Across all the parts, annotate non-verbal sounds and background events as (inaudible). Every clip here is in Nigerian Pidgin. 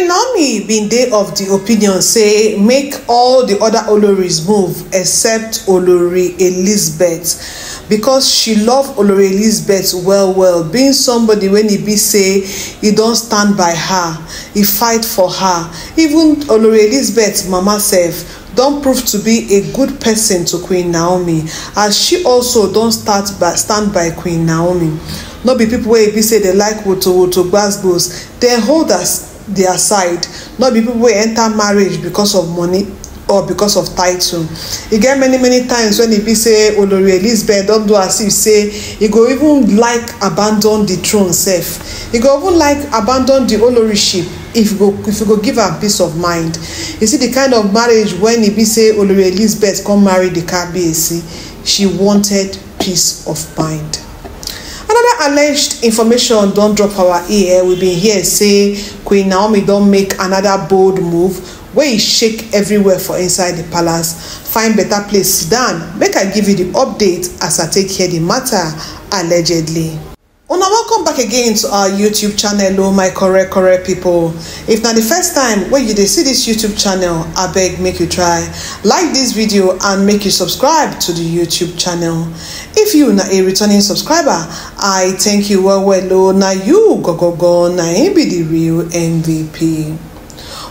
queen naomi bin dey of di opinion say make all di oda oloris move except olori elizabeth because she love olori elizabeth well well being somebody wey e be say e don stand by her e fight for her even olori elizabeth mama sef don prove to be a good person to queen naomi as she also don stand by queen naomi no be pipo wey e be say dey like woto woto gbasgbos dem hold as their side not be people wey enter marriage because of money or because of title e get many many times when e be say olori elizabeth don do as if say e go even like abandon the throne sef e go even like abandon the oloriship if go if you go give am peace of mind you see the kind of marriage when e be say olori elizabeth come marry the car kabiyesi she wanted peace of mind another alleged information Don't drop our ear We've been here say queen naomi don't make another bold move wey e shake everywhere for inside the palace find better place sit make i give you the update as i take care the matter. allegedly una again to our youtube channel oh my correct correct people if na the first time when you dey see this youtube channel I beg make you try like this video and make you subscribe to the youtube channel if you na a returning subscriber i thank you well well oh na you go na him be the real mvp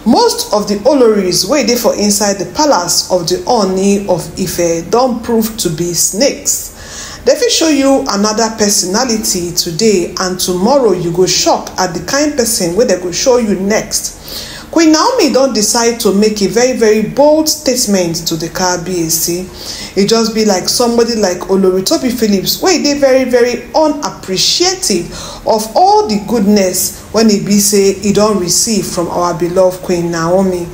most of the oloris waiting for inside the palace of the oni of ife don't prove to be snakes They fit show you another personality today and tomorrow you go shock at the kind person wey they go show you next Queen Naomi don decide to make a very very bold statement to the Kabiyesi. E just be like somebody like Oloritobi Phillips wey dey very very unappreciative of all the goodness when e be say e don receive from our beloved Queen Naomi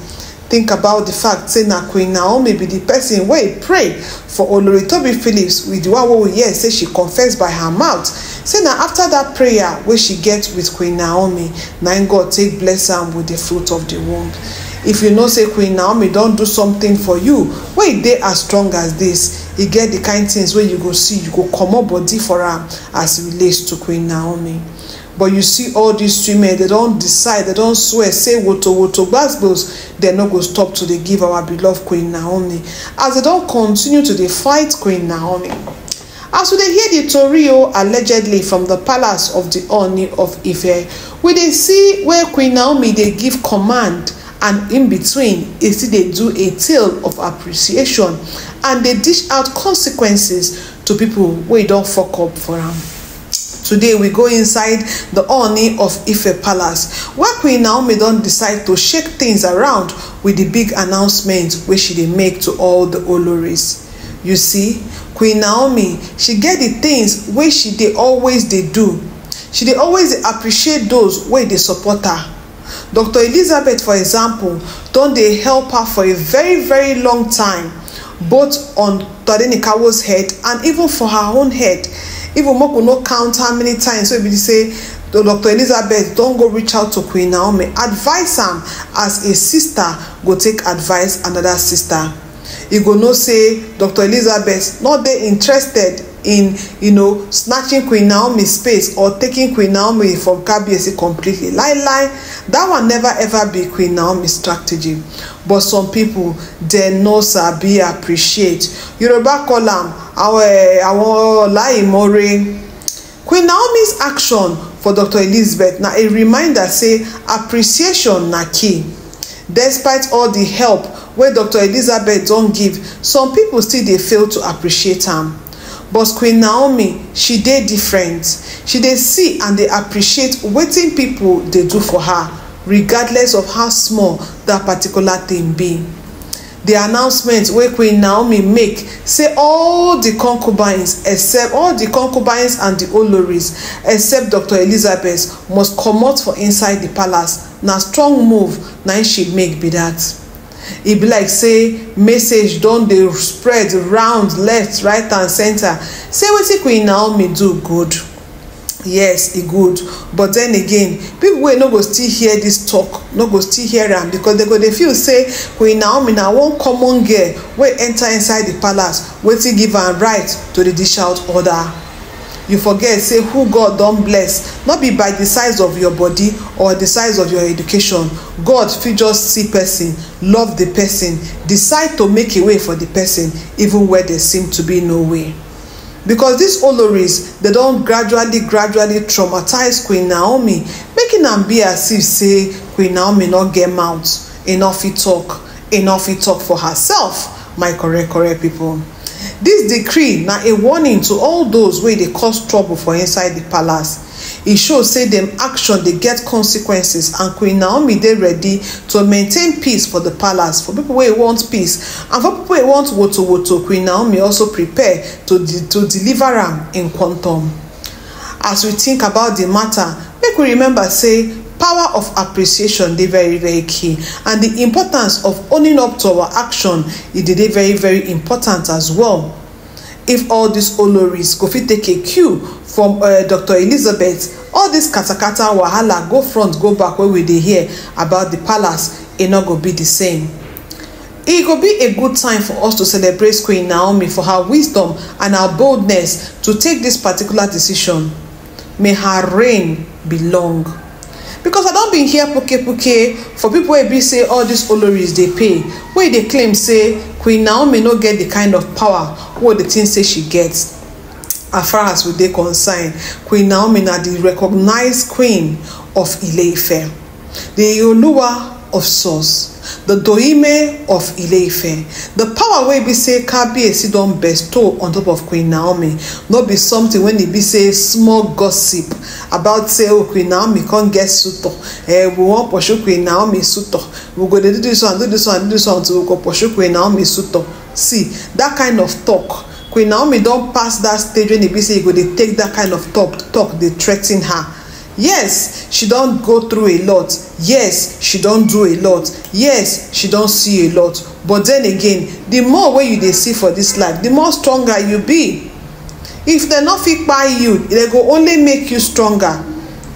think about the fact say na queen naomi be the person wey pray for oloritobi phillips with di one wey we hear say she confess by her mouth say na after that prayer wey she get with queen naomi na im god take bless am with the fruit of the womb if you know say queen naomi don do something for you wey e dey as strong as this? e get the kind things wey you go see you go comot body for am as e relate to queen naomi but you see all dis women they don decide They don swear say woto woto gbasgbos dem no go stop to dey give our beloved queen naomi as they don continue to dey fight queen naomi as we dey hear the tori o allegedly from the palace of the oni of ife we dey see where queen naomi dey give command and in between e still dey do a tale of appreciation and dey dish out consequences to people wey don fuck up for am Today we go inside the Oni of Ife Palace where Queen Naomi don decide to shake things around with the big announcement wey she dey make to all the Oloris. You see, Queen Naomi, she get the things wey she dey always dey do. She dey always dey appreciate those wey dey support her. Dr. Elizabeth, for example, don dey help her for a very, very long time, both on Tadenikawo's head and even for her own head even mopu no count how many times wey be say dr elizabeth don go reach out to queen naomi advise am as a sister go take advice another sister you go know say dr elizabeth no dey interested in you know snatching queen naomi space or taking queen naomi from kabiyesi completely lie lie that one never ever be queen naomi strategy but some people dem no sabi appreciate yoruba call am àwọn ọláìmọ́re eh, queen naomi's action for dr elizabeth na a reminder say appreciation na key despite all the help wey dr elizabeth don give some people still dey fail to appreciate am but queen naomi she dey different she dey see and dey appreciate wetin people dey do for her regardless of how small that particular thing be the announcement wey queen naomi make say all di concubines except all di concubines and di oloris except dr elizabeth must comot for inside di palace na strong move na im she make be dat e be like say message don dey spread round left right and center. say wetin queen naomi do good yes e good but then again people wey no go still hear this talk no go still hear am because they go dey feel say queen naomi na one common girl wey enter inside the palace wetin give am right to dey dish out order you forget say who god don bless not be by the size of your body or the size of your education god fit just see person love the person decide to make a way for the person even where there seem to be no way because these oloris dey don gradually gradually traumatise queen naomi making am be as if say queen naomi no get mouth e no fit tok e no fit tok for herself my correct correct people. This decree na a warning to all those wey dey cause trouble for inside the palace e show say dem action dey get consequences and queen naomi dey ready to maintain peace for di palace for pipo wey want peace and for pipo wey want woto woto queen naomi also prepare to to deliver am in quantum as we think about di matter make we remember say power of appreciation dey very very key and di importance of owning up to our action e dey very very important as well if all these honorees go fit take a cue from uh, dr elizabeth all dis katakata wahala go front go back wey we dey hear about the palace e no go be the same e go be a good time for us to celebrate queen naomi for her wisdom and her boldness to take this particular decision may her reign be long because i don bin hear puke for pipo wey be say all dis oloris dey pay wey dey claim say queen naomi no get di kind of power wey di tin say she get as far as we dey concern, queen naomi na di recognised queen of ileife di oluwa of source the doime of ileife the power wey be say kabiyesi don bestow on top of queen naomi no be something wey e be say small gossip about say oh queen naomi come get suitor eh we wan pursue queen naomi suitor we go dey do this one do this one do this one until we go pursue queen naomi suitor see that kind of talk queen naomi don pass that stage when e be say you e go dey take that kind of talk talk dey threa ten her yes she don go through a lot yes she don do a lot yes she don see a lot but then again the more wey you dey see for this life the more stronger you be if dem no fit kpai you dem go only make you stronger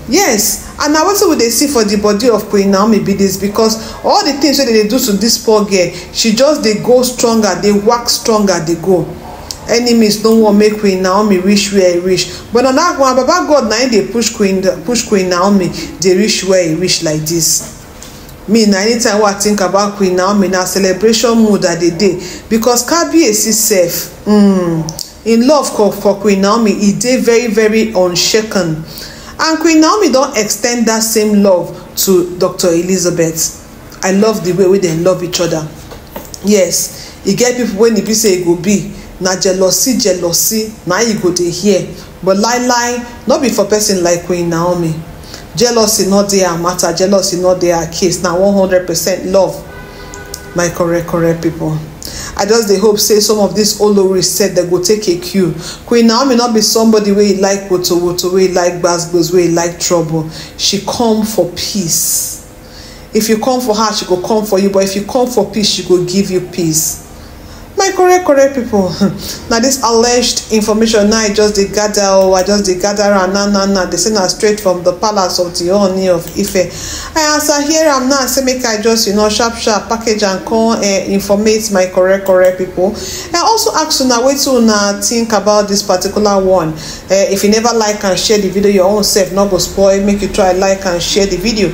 yes and na wetin we dey see for the body of queen naomi be this because all the things wey dem dey do to this poor girl she just dey go stronger dey work stronger dey go enemies no wan make queen naomi reach where e reach but na that one baba god na him dey push queen push queen naomi dey reach where e reach like this me na anytime wey i think about queen naomi na celebration mood i dey dey because kabiyesi sef um, mm, im love for for queen naomi e dey very very unshaken and queen naomi don ex ten d that same love to dr elizabeth i love the way wey dem love each other yes e get people wey e be say e go be na jealousy jealousy na you go dey hear but lie lie no be for person like queen naomi jealousy no dey her matter jealousy no dey her case na one hundred percent love my correct correct people. i just dey hope say some of dis olori said they go take a cue queen naomi no be somebody wey e like wotowoto wey e like gbazgbaz wey e like trouble she come for peace if you come for her she go come for you but if you come for peace she go give you peace my correct correct people. (laughs) Now this alleged information Now i just dey gather oh i just dey gather am na na na dey send na straight from the palace of the oni of ife and as i hear am now say make i just you know sharp sharp package and come eh, informate my correct correct people. and also ask una wetin una think about this particular one eh, if you never like and share the video your own self no go spoil make you try like and share the video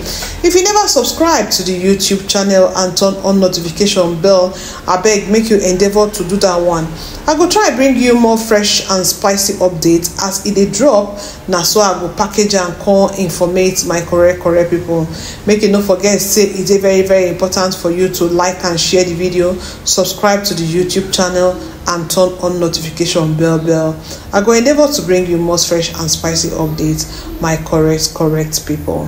if you never subscribe to the youtube channel and turn on notification bell abeg make you endeavor favour to do that one i go try bring you more fresh and spicy updates as it dey drop na so i go package and come informate my correct correct people. make you no forget say e dey very very important for you to like and share the video subscribe to the youtube channel and turn on notification bell bell i go endeavor to bring you more fresh and spicy updates my correct correct people.